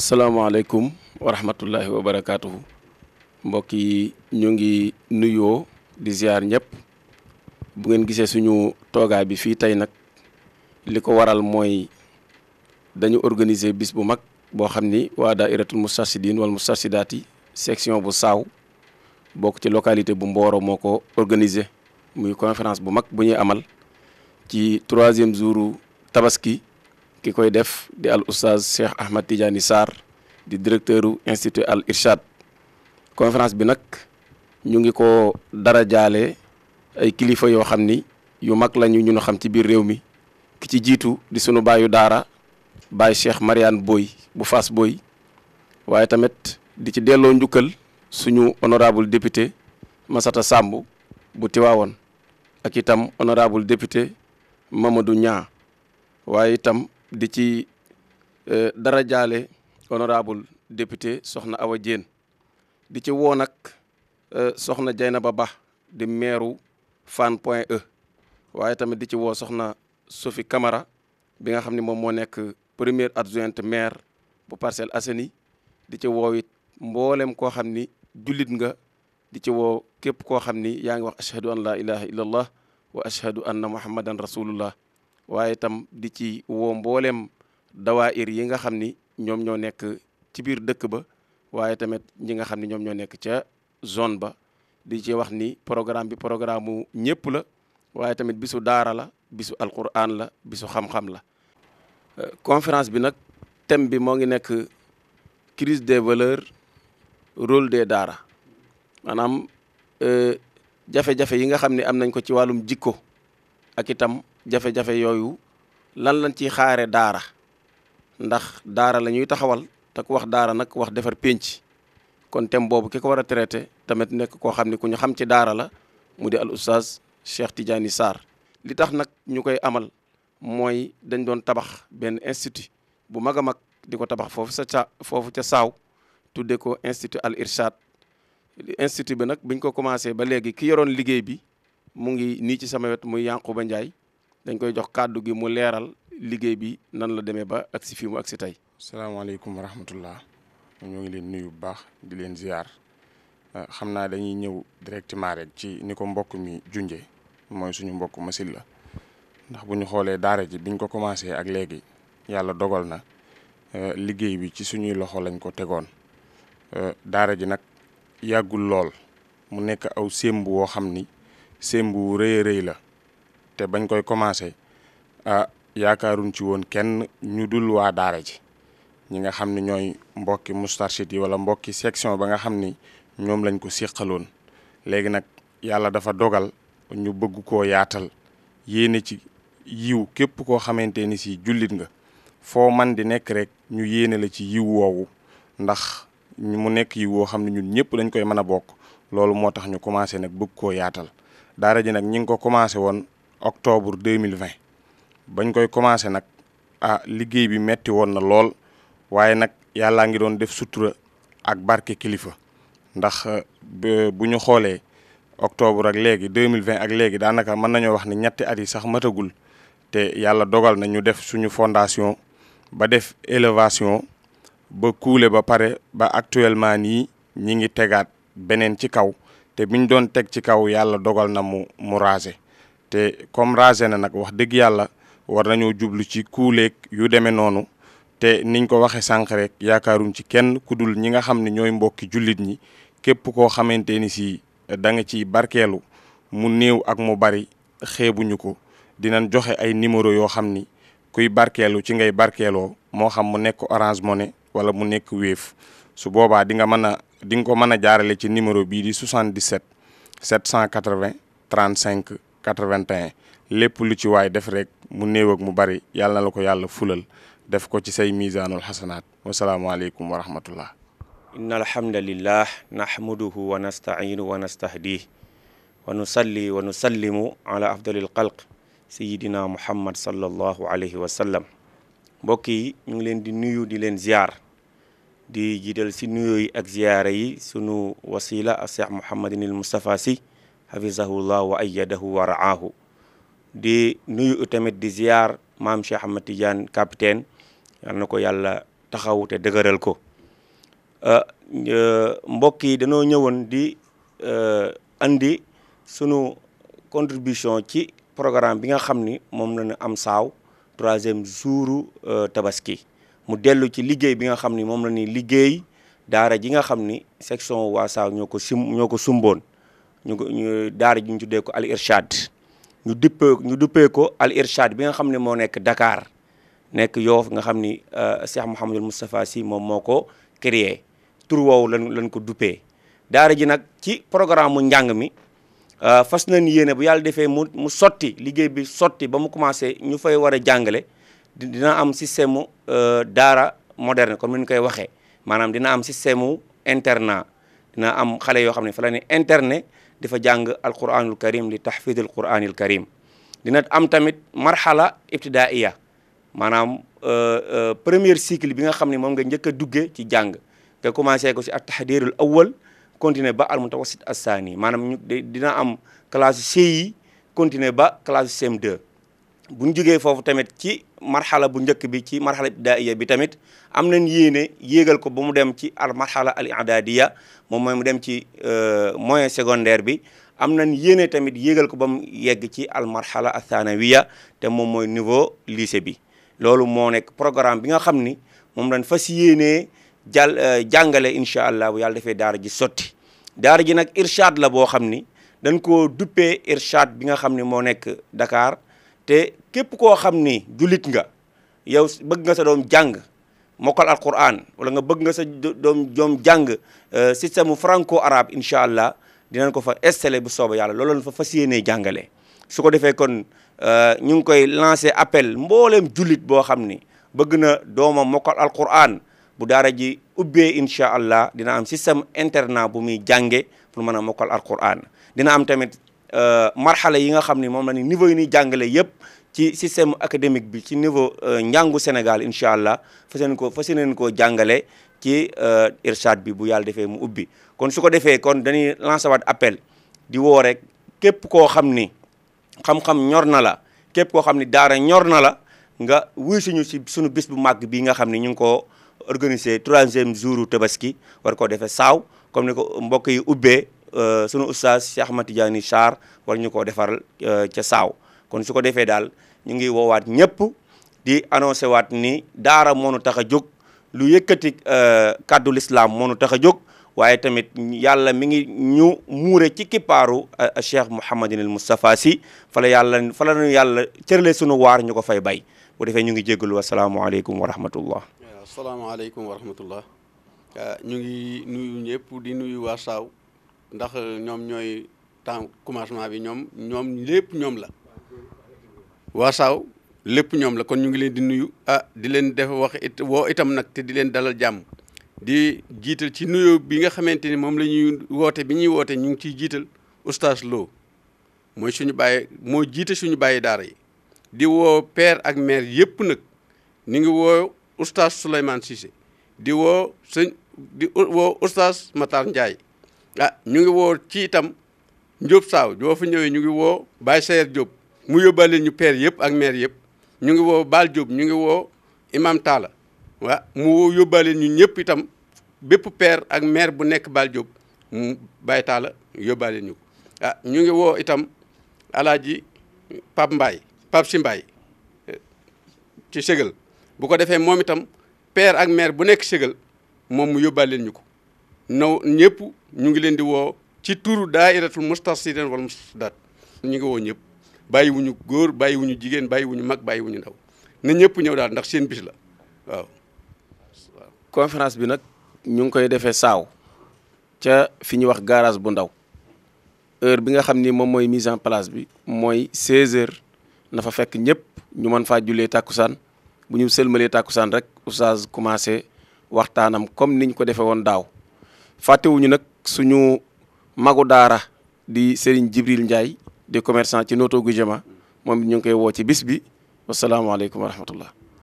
asalaamaaleykum wa rahmatullahi wa barakaatuhu mbokk yi ñu ngi nuyoo di ziar ñëpp bu ngeen gisee suñu toogaay bi fii tey nag li ko waral mooy dañu organiser bis bu mag boo xam ni waa daairatul mustarsidin wal mustarsidaati section bu saaw bokk ci localité bu mbooro moo ko organiser muy conférence bu mag bu ñuy amal ci troisième jouru tabaski ki koy def di al oustaz Cheikh Ahmad Tidiane Sarr di directeur u institut al irshad conférence bi nag ñu ngi ko dara jaale ay kilifa yoo xam ni yu mag lañu ñu xam ci biir réew mi ki ci jiitu di suñu baayu daara baay Cheikh Mariane Boy bu Fass Boy waaye tamit di ci delloo njukkal suñu honorable député Massata Samb bu Tiwaawoon ak itam honorable député Mamadou Niang waaye itam di ci e, dara jaale honorable député soxna Awa Diène di ci woo nag e, soxna Dieynaba Ba di meeru Fann Point E waaye tamit di ci woo soxna Sophie kamara bi nga xam ne moom moo nekk première adjointe maire bu Parcelles Assainies di ci woo it mboolem koo xam ni jullit nga di ci woo képp koo xam ni yaa ngi wax ashhadu an la ilaha illallah wa ashhadu anna muhammadan rasulullah waaye itam di ci woo mbooleem dawaayir yi nga xam ni ñoom ñoo nekk ci biir dëkk ba waaye tamit ñi nga xam ni ñoom ñoo nekk ca zone ba di ci wax ni programme bi programme mu ñëpp la waaye tamit bisu daara la bisu alquran la bisu xam-xam la euh, conférence bi nag thème bi moo ngi nekk crise des valeurs rôle des daara maanaam euh, jafe-jafe yi nga xam ne am nañ ko ci wàllum jikko ak itam jafe-jafe yooyu lan lañ ciy xaare daara ndax daara la ñuy taxawal te ku wax daara nag wax defar pénc kon thème boobu ki ko war a traité tamit nekk koo xam ne ku ñu xam ci daara la mu di al oustaz Cheikh Tidiane Sarr li tax nag ñu koy amal mooy dañ doon tabax benn institut bu mag a mag di ko tabax foofu sa ca foofu ca saaw tudde ko institut al irshad institut bi nag biñ ko commencé ba léegi ki yoroon liggéey bi mu ngi nii ci sama wet muy Yankuba Ndiaye dañ koy jox kàddu gi mu leeral liggéey bi nan la demee ba ak si fii mu ak si tey. salaamaaleykum wa rahmatullah ñoo ngi leen nuyu bu baax di leen ziar ah, xam naa dañuy ñëw directement rek ci ni ko mbokk mi junje mooy suñu mbokk masil la ndax bu ñu xoolee daara ji biñ ko commencé ak léegi yàlla dogal na eh, liggéey bi ci suñuy loxo lañ ko tegoon eh, daara ji nag yàggul lool mu nekk aw sémb woo xam ni sémb wu rëy rëy la. te bañ koy commencé ah yaakaaruñ ci woon kenn ñu dul waa daara ji ñi nga xam ne ñooy mbokki moustarchid yi wala mbokki section ba nga xam ni ñoom lañ ko séqaloon léegi nag yàlla dafa dogal ñu bëgg koo yaatal yéene ci yiw képp koo xamante ni si jullit nga foo man di nekk rek ñu yéene la ci yiw woowu ndax mu nekk yiw woo xam ne ñun ñëpp dañ koy mën a bokk loolu moo tax ñu commencé nag bëgg koo yaatal daara ji nag ñi ngi ko commencé woon octobre deux mille vingt bañ koy commencé nag ah liggéey bi metti woon na lool waaye nag yàllaa ngi doon def sutura ak barke kilifa ndax eh, bu ñu xoolee octobre ak léegi deux mille vingt ak léegi daanaka mën nañoo wax ne ñetti at sax matagul te yàlla dogal na ñu def suñu fondation ba def élévation ba kuule ba pare ba actuellement nii ñi ngi tegaat beneen ci kaw te biñ doon teg ci kaw yàlla dogal na mu mu te comme ragé na nag wax dëgg yàlla war nañoo jublu ci kuuleeg yu demee noonu te niñ ko waxee sànq rek yaakaaruñ ci kenn ku dul ñi nga xam ne ñooy mbokki jullit ñi képp koo xamante ni si da nga ciy barkeelu mu néew ak mu bari xeebuñu ko dinan joxe ay numéro yoo xam ni kuy barkeelu ci ngay barkeeloo moo xam mu nekk Orange Money wala mu nekk Wave su boobaa di nga mën a di nga ko mën a jaarale ci numéro bii di 77 780 35 81 lépp lu ci waay def rek mu néew mu bari yàlla na la ko yàlla fulal def ko ci say miisaanul xasanaat wasalaamualeykum wa rahmatullah inna alhamdalillah nahmaduhu wa nastainu wa nastahdih wa nusalli wa nusallimu ala afdalil xalq sayidina muhammad sallallahu alayhi wa sallam mbokk yi ñu ngi leen di nuyu di leen ziar di jiital si nuyu ak ziyaara yi sunu wasila ak cheikh muhammadinil mustafa si hafizahullah wa ayyadahu wa raahu di nuyu tamit di ziar maam Cheikh Ahmad Tidiane capitaine na ko yàlla taxaw te dëgëral ko euh, euh, mbokk yi dañoo ñëwoon di euh, andi sunu contribution ci programme bi nga xam ni moom lanu am saaw troisième jouru tabaski mu dellu ci liggéey bi nga xam ni moom la ñuy liggéey daara ji nga xam ni section waa saaw ñoo ko sim ñoo ko sumboon ñu ko ñu daara ji ñu ko Al Irshad ñu duppee ñu duppee ko Al Irshad bi nga xam ne moo nekk dakaar nekk Yoff nga xam ni euh, Cheikh Mouhamadul Moustapha Sy moom moo ko créé tur woowu lañ lañ ko duppee. daara ji nag ci programme mu njàng mi euh, fas nañ yéene bu yàlla defee mu mu sotti liggéey bi sotti ba mu commencé ñu fay war a jàngale dina am système mu euh, daara moderne comme ni ñu koy waxee maanaam dina am système mu internat dina am xale yoo xam ne fa la internet di fa jàng alquranul karim li tahfidil quranil karim dina am tamit marxala ibtidaiya maanaam euh, euh, premier cycle bi nga xam ne moom nga njëkk a duggee ci jàng nga commencé ko si at tahdirul awal continuer ba al mutawassit as saani maanaam ñu dina am classe CI continuer ba classe CM2 bu ñu foofu tamit ci marxala bu njëkk bi ci marxala ibtidaaiya bi tamit am nañ yéene yéegal ko ba mu dem ci al marxala al idaadiya moom mooy mu dem ci euh, moyen secondaire bi am nañ yéene tamit yéegal ko ba mu yegg ci al marxala al thanawiya te moom mooy niveau lycée bi loolu moo nekk programme bi nga xam ni moom lañ fas yéenee jàll euh, jàngale incha allah bu yàlla defee daara ji sotti daara ji nag irshad la boo xam ni dañ koo duppee irshad bi nga xam ni moo nekk Dakar képp koo xam ni jullit nga yow bëgg nga sa doom jàng mokkal alquran wala nga bëgg nga sa doom doom jàng euh, système franco arabe incha allah dinañ ko fa installé bu sooba yàlla loolu lañ fa fas yéenee jàngale su ko defee kon euh, ñu ngi koy lancé appel mbooleem jullit boo xam ni bëgg na dooma doomam mokkal alquran bu daara ji ubbee incha allah dina am système internat bu muy jànge pour mën a mokkal alquran dina am tamit euh, marxala yi nga xam ni moom la ni niveau yi ñuy jàngale yëpp ci système académique bi ci niveau euh, njàngu Sénégal incha allah fas yéene koo fas koo jàngale ci euh, irshad bi bu yàlla defee mu ubbi kon su ko defee kon dañuy lancer waat appel di woo rek képp koo xam ni xam-xam ñor na la képp koo xam ni daara ñor na la nga wuy suñu si sunu bis bu màgg bii nga xam ni ñu ngi ko organiser troisième jour tabaski war koo defee saaw comme ni ko mbokk yi ubbee euh, sunu oustaz Cheikh Ahmad Tidiane Sarr war ñu koo defar ca saaw kon su ko defee daal ñu ngi woowaat ñëpp di annoncé waat ni daara moo nu tax a jóg lu yëkkati euh, kàddu lislaam moo nu tax a jóg waaye tamit yàlla mi ngi ñu muure ci kippaaru euh, Cheikh Mouhamadinil Moustapha si fala yàlla fala nu yàlla cërale sunu waar ñu ko fay bay bu defee ñu ngi jéggalu asalaamaaleykum wa rahmatullah asalaamaaleykum wa rahmatullah euh, ñu ngi nuyu di nuyu waa Saaw ndax ñoom ñooy temps commencement bi ñoom ñoom lépp ñoom la waasaaw lépp ñoom la kon ñu ngi leen di nuyu ah di leen def wax it woo itam nag te di leen dalal jàmm di jiital ci nuyoo bi nga xamante ni moom la ñuy woote bi ñuy woote ñu ngi ciy jiital oustaz Lo mooy suñu bàyyi moo jiite suñu bàyyi daara yi di woo père ak mère yëpp nag ñu ngi woo oustaz Souleymane Cissé di woo sëñ di woo oustaz Matar Ndiaye ah ñu ngi woo ci itam Diop Saaw boo fa ñëwee ñu ngi woo Baye Sayer Diop mu yóbbaale ñu père yëpp ak mère yëpp ñu ngi woo Baal Diop ñu ngi woo Imam Talla waa mu yóbbaale ñu ñëpp itam bépp père ak mère bu nekk Baal Diop mu Baye Talla ñu ko ah ñu ngi woo itam alaaji Pape mbaay Pape Si Mbaye eh, ci Ségal bu ko defee moom itam père ak mère bu nekk Ségal moom mu yóbbaale ñu ko naw ñëpp ñu ngi leen di woo ci turu daayiratul mustarsidin wal mustarsidaat ñu ngi woo ñëpp bàyyiwuñu góor bàyyiwuñu jigéen bàyyiwuñu mag bàyyiwuñu ndaw na ñëpp ñëw daal ndax seen bis la waaw. conférence bi nag ñu ngi koy defee saaw ca fi ñuy wax garage bu ndaw heure bi nga xam ni moom mooy mise en place bi mooy 16 heures na fa fekk ñëpp ñu mën faa jullee tàkkusaan bu ñu sëlmalee tàkkusaan rek oustaz commencé waxtaanam comme niñ ko defee woon daaw fàttewuñu nag suñu magu daara di Serigne Jibril Ndiaye des commerçants ci Notto Gouye Diama moom it ñu ngi koy woo ci bis bi wasalaamaaleykum wa rahmatullah